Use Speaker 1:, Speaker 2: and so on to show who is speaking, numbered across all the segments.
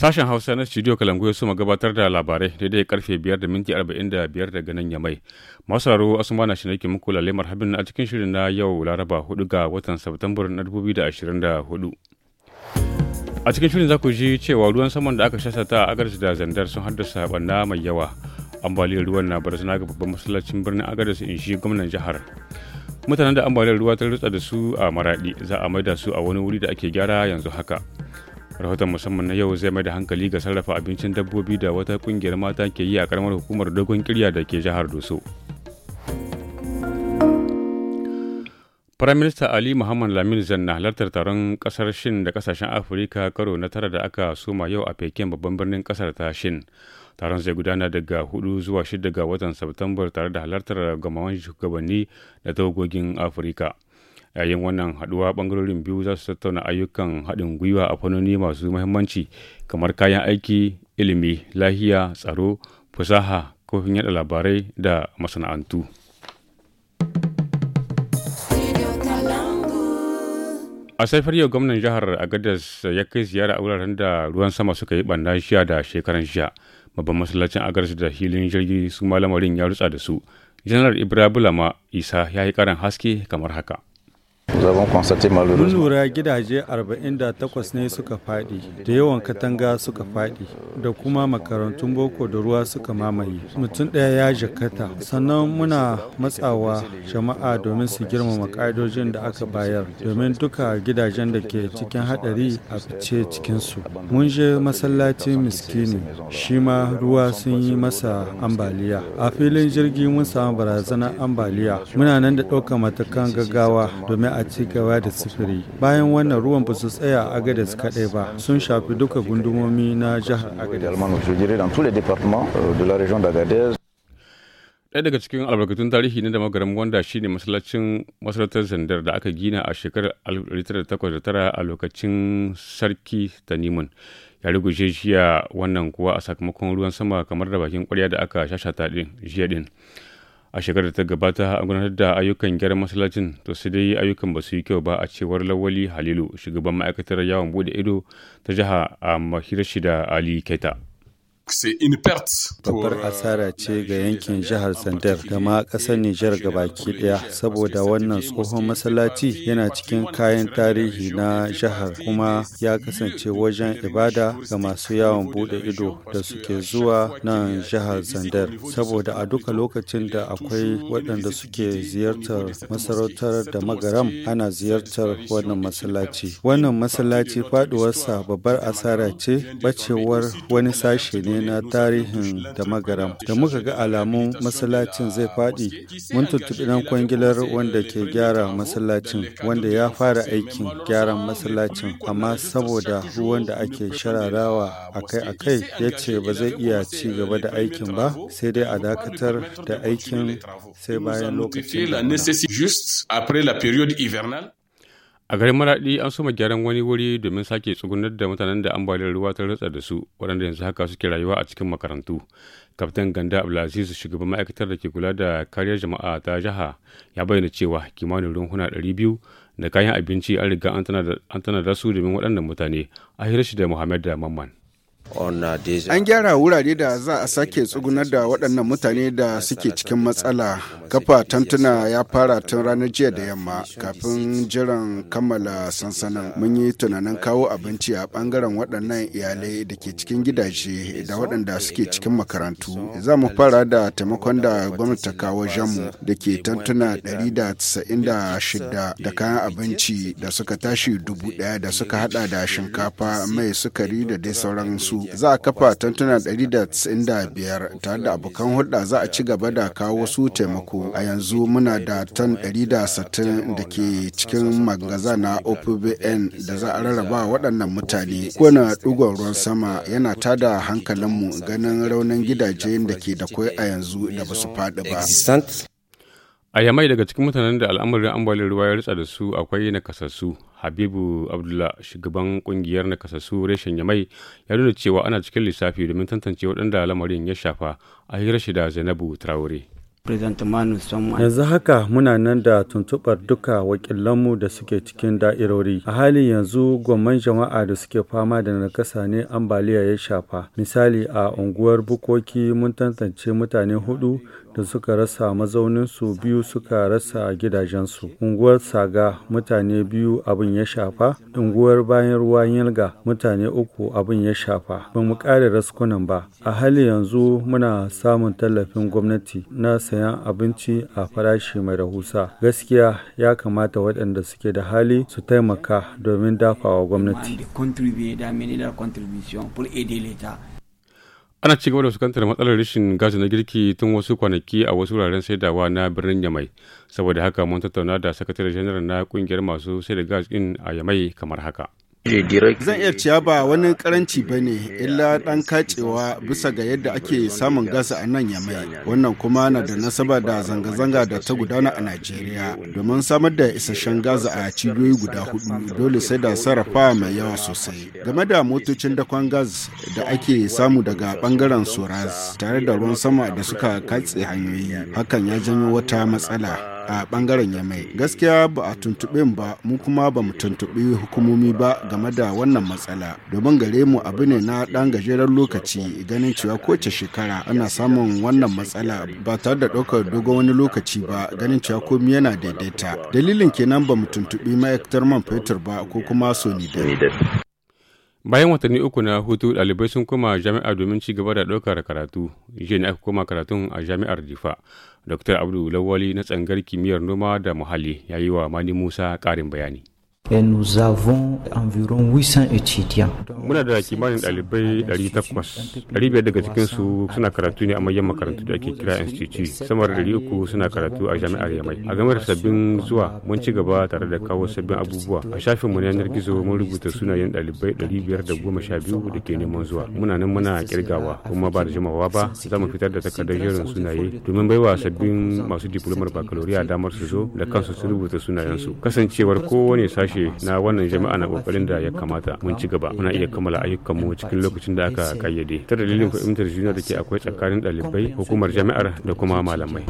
Speaker 1: Sashen Hausa na Studio Kalangu ya suma gabatar da labarai daidai karfe biyar da minti 45 daga nan yamai. Masu sauraro Asuma na shinake muku lalemar habin a cikin shirin na yau Laraba 4 ga watan Satumbar na 2024. A cikin shirin za ku ji cewa ruwan saman da aka shasata a Agadez da Zandar sun haddasa banna mai yawa. Ambaliyar ruwan na barzana ga babban masallacin birnin Agadez in shi gwamnan jihar. Mutanen da ambaliyar ruwa ta rutsa da su a maraɗi za a maida su a wani wuri da ake gyara yanzu haka. rahoton musamman na yau zai mai da hankali ga sarrafa abincin dabbobi da wata kungiyar mata ke yi a karamar hukumar dogon kirya da ke jihar doso Firaminista Ali Muhammad Lamin Zanna halartar taron kasar Shin da kasashen Afirka karo na tara da aka soma yau a Pekin babban birnin kasar ta Shin. Taron zai gudana daga 4 zuwa 6 ga watan Satumbar tare da halartar gamawan shugabanni da tawagogin Afirka. yayin wannan haduwa bangarorin biyu za su tattauna ayyukan haɗin gwiwa a fannoni masu mahimmanci kamar kayan aiki ilimi lahiya tsaro fasaha kofin yada labarai da masana'antu a safiyar yau gwamnan jihar agadas ya kai ziyara a wuraren da ruwan sama suka yi ɓanna shiya da shekaran jiya babban masallacin agadas da hilin jirgi su malamarin ya rutsa da su janar ibrahim isa ya yi karin haske kamar haka Mun
Speaker 2: lura gidaje 48 ne suka faɗi, da yawan katanga suka faɗi, da kuma makarantun boko da ruwa suka mamaye. Mutum ɗaya ya jakata, sannan muna matsawa jama'a domin su girmama ka'idojin da aka bayar, domin duka gidajen da ke cikin haɗari a fice cikinsu. Mun je masallaci miskini, shi ma ruwa sun yi masa ambaliya. A filin jirgi mun samu barazanar ambaliya. Muna nan da ɗaukar matakan gaggawa domin a a ci gaba da sifiri bayan wannan ruwan ba su tsaya a agadas kaɗai ba sun shafi duka gundumomi na jihar agadez
Speaker 3: euh,
Speaker 1: ɗaya daga cikin albarkatun tarihi na da magaram wanda shine masallacin masarautar zandar da aka gina a shekarar 1989 a lokacin sarki tanimun ya jiya wannan kuwa a sakamakon ruwan sama kamar da bakin kwarya da aka shashata jiya din a shekarar da ta gabata an gudanar da ayyukan gyaran masallacin to sai dai ayyukan ba su yi kyau ba a cewar lawali halilu shugaban ma'aikatar yawon bude ido ta jiha a mahirashi da ali keta Babbar euh, asara ce ga yankin jihar Sandar da ma
Speaker 2: ƙasar Nijar gabaki daya saboda wannan tsohon masallaci yana cikin kayan tarihi na jihar kuma ya kasance wajen ibada ga masu yawon bude ido da suke zuwa nan jihar Sandar saboda a duka lokacin da akwai waɗanda suke ziyartar masarautar da magaram ana ziyartar wannan masallaci. Wannan masallaci faɗuwarsa babbar asara ce bacewar wani sashe ne na tarihin da magaram da muka ga alamun masallacin zai faɗi mun tuntuɓi ɗan kwangilar wanda ke gyara masallacin wanda ya fara aikin gyaran masallacin amma saboda ruwan da ake shararawa akai-akai ya ce ba zai iya ci gaba da aikin ba sai dai a dakatar da aikin
Speaker 1: sai bayan lokacin A garin Maraɗi an soma gyaran wani wuri domin sake tsugunar da mutanen da ambaliyar ruwa ta ratsa da su waɗanda yanzu haka suke rayuwa a cikin makarantu. Kaftan Ganda Abdulaziz shugaban ma'aikatar da ke kula da kariyar jama'a ta jiha ya bayyana cewa kimanin runhuna ɗari biyu da kayan abinci an riga an tana da su domin waɗannan mutane a hira da Muhammad da Mamman. An
Speaker 3: gyara wurare da za a sake tsugunar da waɗannan mutane da suke cikin matsala. Kafa tantuna ya fara tun ranar jiya da yamma kafin jiran kammala sansanin. Mun yi tunanin kawo abinci a bangaren waɗannan iyalai da ke cikin gidaje da waɗanda suke cikin makarantu. Za mu fara da taimakon da gwamnati ta kawo jamu da ke tantuna 196 da kayan abinci da suka tashi dubu ɗaya da suka haɗa da shinkafa mai sukari da dai sauran su za a kafa tantuna 195 tare da abokan hulɗa za a ci gaba da kawo su taimako a yanzu muna da tan 160 da ke cikin magaza na opbn da za a rarraba waɗannan mutane kowane ɗugon ruwan sama yana tada hankalinmu ganin raunin gidaje da ke da kwai a yanzu da ba su faɗi
Speaker 1: ba A Yamai daga cikin mutanen da al'amarin ambaliyar ruwa ya ritsa da su akwai nakasassu. Habibu Abdullah shugaban kungiyar nakasassu reshen Yamai ya nuna cewa ana cikin lissafi domin tantance waɗanda lamarin ya shafa a hira shi da Zainabu Traore. yanzu
Speaker 2: haka muna nan da tuntubar duka wakilanmu da suke cikin da'irori a halin yanzu gwamman jama'a da suke fama da nakasa ne ambaliya ya shafa misali a unguwar bukoki mun tantance mutane hudu da suka rasa mazauninsu biyu suka rasa gidajensu unguwar saga mutane biyu abin ya shafa unguwar bayan ruwa yalga mutane uku abin ya shafa ba mu kare raskunan ba a hali yanzu muna samun tallafin gwamnati na sayan abinci a farashi mai rahusa gaskiya ya kamata waɗanda suke da hali su taimaka domin dafawa gwamnati
Speaker 1: ana ci gaba da fuskantar matsalar rashin gas na girki tun wasu kwanaki a wasu wuraren saidawa na birnin yamai saboda haka mun tattauna da sakatare janar na kungiyar masu sai da gas din a yamai kamar haka
Speaker 3: Zan iya cewa ba wani karanci ba ne illa ɗan kacewa bisa ga yadda ake samun gas a nan yamai. Wannan kuma na da nasaba da zanga-zanga da ta gudana a Najeriya. Domin samar da isasshen gas a cibiyoyi guda hudu dole sai da sarrafa mai yawa sosai. Game da motocin dakon gas da ake samu daga bangaren Soras tare da ruwan sama da suka katse hanyoyi. Hakan ya janyo wata matsala. a bangaren yamai gaskiya ba a tuntube ba mu kuma ba mu tuntuɓi hukumomi ba game da wannan matsala domin gare mu abu ne na ɗan gajeren lokaci ganin cewa kowace shekara ana samun wannan matsala ba tare da ɗaukar dogon wani lokaci ba ganin cewa komi yana daidaita dalilin kenan ba mu tuntuɓi ma'aikatar man fetur ba ko kuma sonidan
Speaker 1: bayan watanni uku na hutu ɗalibai sun koma jami'a domin ci gaba da ɗaukar karatu jiya ne aka koma karatun a jami'ar difa dr abdu lawali na tsangar kimiyyar noma da muhalli ya yi wa mani musa ƙarin bayani
Speaker 2: et nous avons environ 800 étudiants.
Speaker 1: Muna da kimanin ɗalibai 800. 500 daga cikinsu suna karatu ne a manyan makarantu da ake kira institute. Sama da 300 suna karatu a jami'ar Yamai. A game da sabbin zuwa mun ci gaba tare da kawo sabbin abubuwa. A shafinmu na yanar gizo mun rubuta sunayen ɗalibai 512 da ke neman zuwa. Muna nan muna kirgawa kuma ba da jimawa ba za mu fitar da takardar jerin sunaye domin baiwa sabbin masu diplomar baccalaureate damar su zo da kansu su rubuta sunayensu. Kasancewar kowane sashe ce na wannan jama'a na kokarin da ya kamata mun ci gaba muna iya kammala ayyukanmu cikin lokacin da aka kayyade ta dalilin fahimtar juna da ke akwai tsakanin ɗalibai hukumar jami'ar da kuma malamai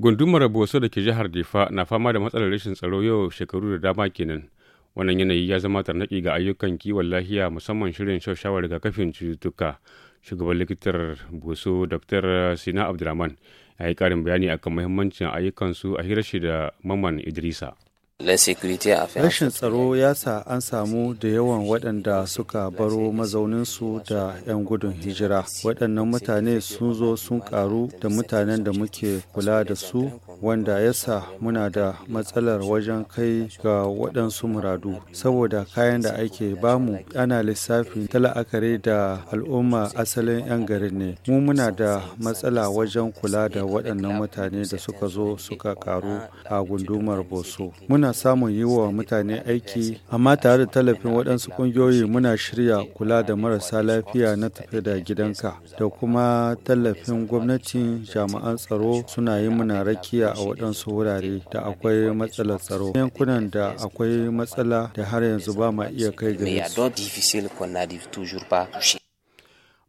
Speaker 1: gundumar boso da ke jihar difa na fama da matsalar rashin tsaro yau shekaru da dama kenan wannan yanayi ya zama tarnaki ga ayyukan kiwon lafiya musamman shirin ga rigakafin cututtuka shugaban likitar boso dr sina abdulrahman a yi ƙarin bayani akan muhimmancin ayyukansu a hirashi da Maman Idrisa. Rashin
Speaker 2: tsaro ya sa an samu da yawan waɗanda suka baro mazauninsu da 'yan gudun hijira. Waɗannan mutane sun zo sun karu da mutanen da muke kula da su wanda ya sa muna da matsalar wajen kai ga waɗansu muradu. Saboda kayan da ake bamu ana lissafi ta la'akari da al'umma asalin 'yan garin ne. Mu muna da matsala wajen kula da waɗannan mutane da suka zo suka karu a gundumar Boso. muna samun yi wa mutane aiki amma tare da tallafin waɗansu ƙungiyoyi muna shirya kula da marasa lafiya na tafi da gidanka da kuma tallafin gwamnatin jami'an tsaro suna yi muna rakiya a waɗansu wurare da akwai matsalar tsaro yankunan da akwai matsala da har yanzu ba ma iya kai ga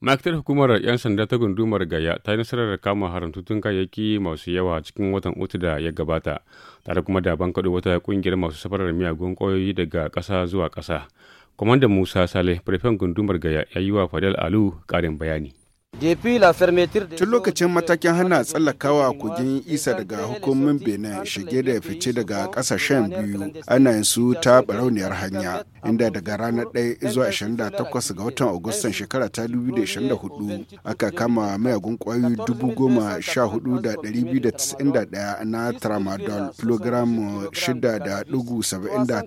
Speaker 1: ma'aikatar hukumar 'yan sanda ta gundumar gaya ta yi nasarar kama haramtutun kayayyaki masu yawa cikin watan uku da ya gabata tare kuma da bankaɗo wata kungiyar masu safarar miyagun ƙwayoyi daga ƙasa zuwa ƙasa kwamandan musa saleh firfen gundumar gaya ya yi wa fadel alu ƙarin bayani
Speaker 3: Tun lokacin matakin hana tsallakawa kogin isa daga hukumin Benin shige da fice daga kasashen biyu ana yin su ta barauniyar hanya inda daga ranar 1 zuwa 28 ga watan Agustan shekara ta 2024 aka kama mayagun kwayoyi daya na tramadol kilogram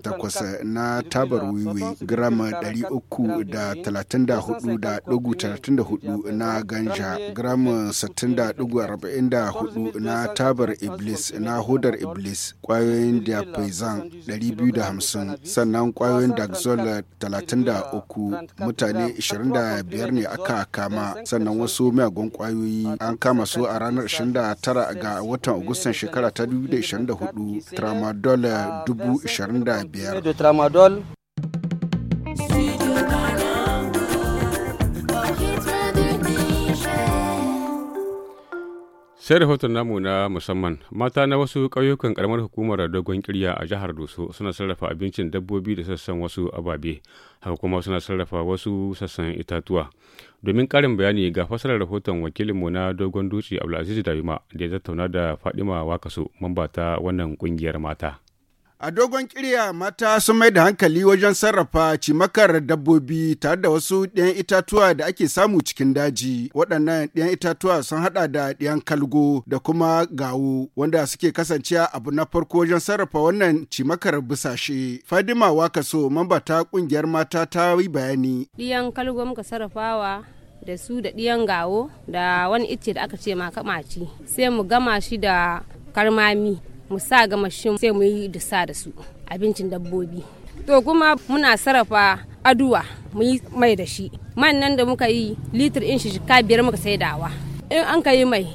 Speaker 3: takwas na tabar wiwi gram hudu na ganja gram 60.44 na tabar iblis na hudar iblis kwayoyin diapazan 250 sannan kwayoyin daxol 33 mutane 25 ne aka kama sannan wasu miyagun kwayoyi an kama su a ranar 29 ga watan agustan shekara ta 2024 tramadol 25
Speaker 1: sai rahoton namu na musamman mata na wasu ƙauyukan ƙaramar hukumar dogon kirya a jihar doso suna sarrafa abincin dabbobi da sassan wasu ababe haka kuma suna sarrafa wasu sassan itatuwa domin ƙarin bayani ga fasarar rahoton wakilinmu na dogon dutse abdulaziz dayuma da ya tattauna da fadima wakaso mamba ta wannan ƙungiyar mata
Speaker 3: A dogon kirya mata sun mai da hankali wajen sarrafa cimakar dabbobi tare da wasu ɗiyan itatuwa da ake samu cikin daji. Waɗannan ɗiyan itatuwa sun haɗa da ɗiyan kalgo da kuma gawo wanda suke kasance abu na farko wajen sarrafa wannan cimakar busashe. Fadima Wakaso mamba ta ƙungiyar mata ta yi bayani.
Speaker 4: Ɗiyan kalgo muka sarrafawa da su da ɗiyan gawo da wani icce da aka ce makamaci sai mu gama shi da karmami mu sa ga mashin sai mu yi dusa da su abincin dabbobi to kuma muna sarrafa aduwa mu yi mai da shi man nan da muka yi litir in shi shika biyar muka sai dawa in an ka yi mai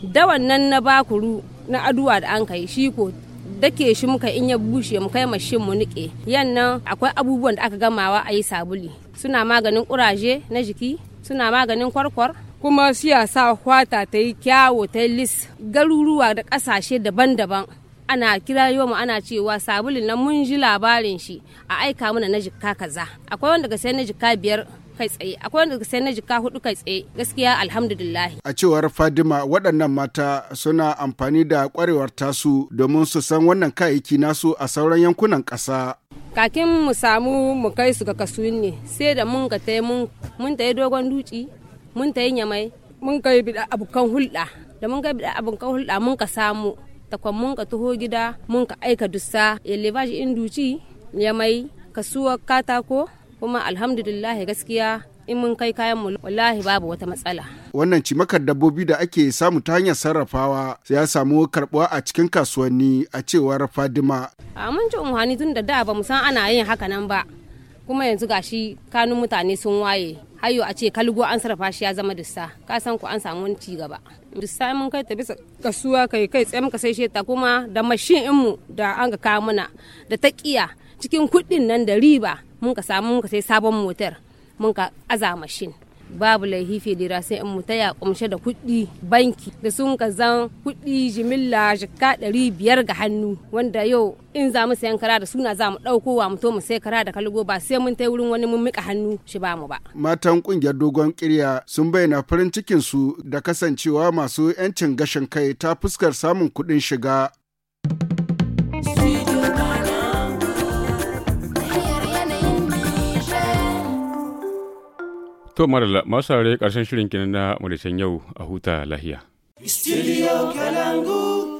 Speaker 4: dawan nan na bakuru na aduwa da an ka yi shi ko dake shi muka in ya bushe mu kai mashin mu nike yannan akwai abubuwan da aka gamawa a yi sabuli suna maganin kuraje na jiki suna maganin kwarkwar kuma su ya sa hwata ta yi kyawo ta lis garuruwa da kasashe daban-daban ana kira mu ana cewa sabulu nan mun ji labarin shi a aika mana na jikka kaza akwai wanda ga sai na jikka biyar kai tsaye akwai wanda sai na jika hudu kai tsaye gaskiya alhamdulillah.
Speaker 3: a cewar fadima waɗannan mata suna amfani da kwarewar tasu domin su san wannan kayayyaki nasu a sauran yankunan ƙasa
Speaker 4: kakin mu samu mu kai su ga kasu ne sai da mun ga mun mun dogon duci mun ta yin yamai mun kai bida abokan hulɗa da mun kai bida abokan hulɗa mun ka samu takwan mun ka taho gida mun ka aika dussa elevage induci yamai kasuwa katako kuma alhamdulillah gaskiya in mun kai kayan mu wallahi babu wata matsala.
Speaker 3: Wannan cimakar dabbobi da ake samu ta hanyar sarrafawa ya samu karbuwa a cikin kasuwanni a cewar Fadima.
Speaker 4: A mun ci umhani tun da da ba mu san ana yin haka nan ba. Kuma yanzu gashi kanun mutane sun waye Ayo a ce kalgo an sarrafa shi ya zama dussa ka san ku an samu wani ci gaba dussa mun kai ta bisa kasuwa kai kai tsaye muka sai ta kuma da mashin mu da an ga kawo muna da ta kiya cikin kuɗin nan da riba mun ka samu mun ka sai sabon motar mun ka aza mashin babu laihi sai in mu ta ya kumshe da kuɗi banki da sun ka zan kuɗi jimilla jikka ɗari biyar ga hannu wanda yau in za mu sayan kara da suna za mu ɗauko wa mu to mu sai kara da kalgo ba sai mun tai wurin wani mun mika hannu shi ba mu ba.
Speaker 3: Matan ƙungiyar dogon kirya sun bayyana farin cikin su da kasancewa masu 'yancin gashin kai ta fuskar samun kuɗin shiga
Speaker 1: To marala masu ƙarshen shirin kinan na madashin yau a huta lahiya.
Speaker 3: Studio Kalangu.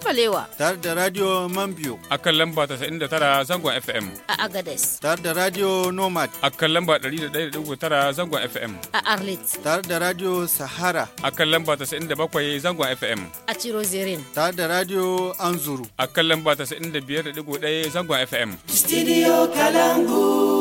Speaker 1: Kabalewa. Tare da Radio Mambio. A kan lamba tara zangon FM.
Speaker 4: A Agades.
Speaker 1: Tare da Radio Nomad. A kan lamba tara zangon FM.
Speaker 2: A Arlit. Tare da Radio Sahara.
Speaker 1: A kan lamba bakwai zangon FM.
Speaker 2: A Chirozirin. Tare da Radio Anzuru.
Speaker 1: A kan lamba biyar 95.1 zangon FM. Studio
Speaker 2: Kalangu.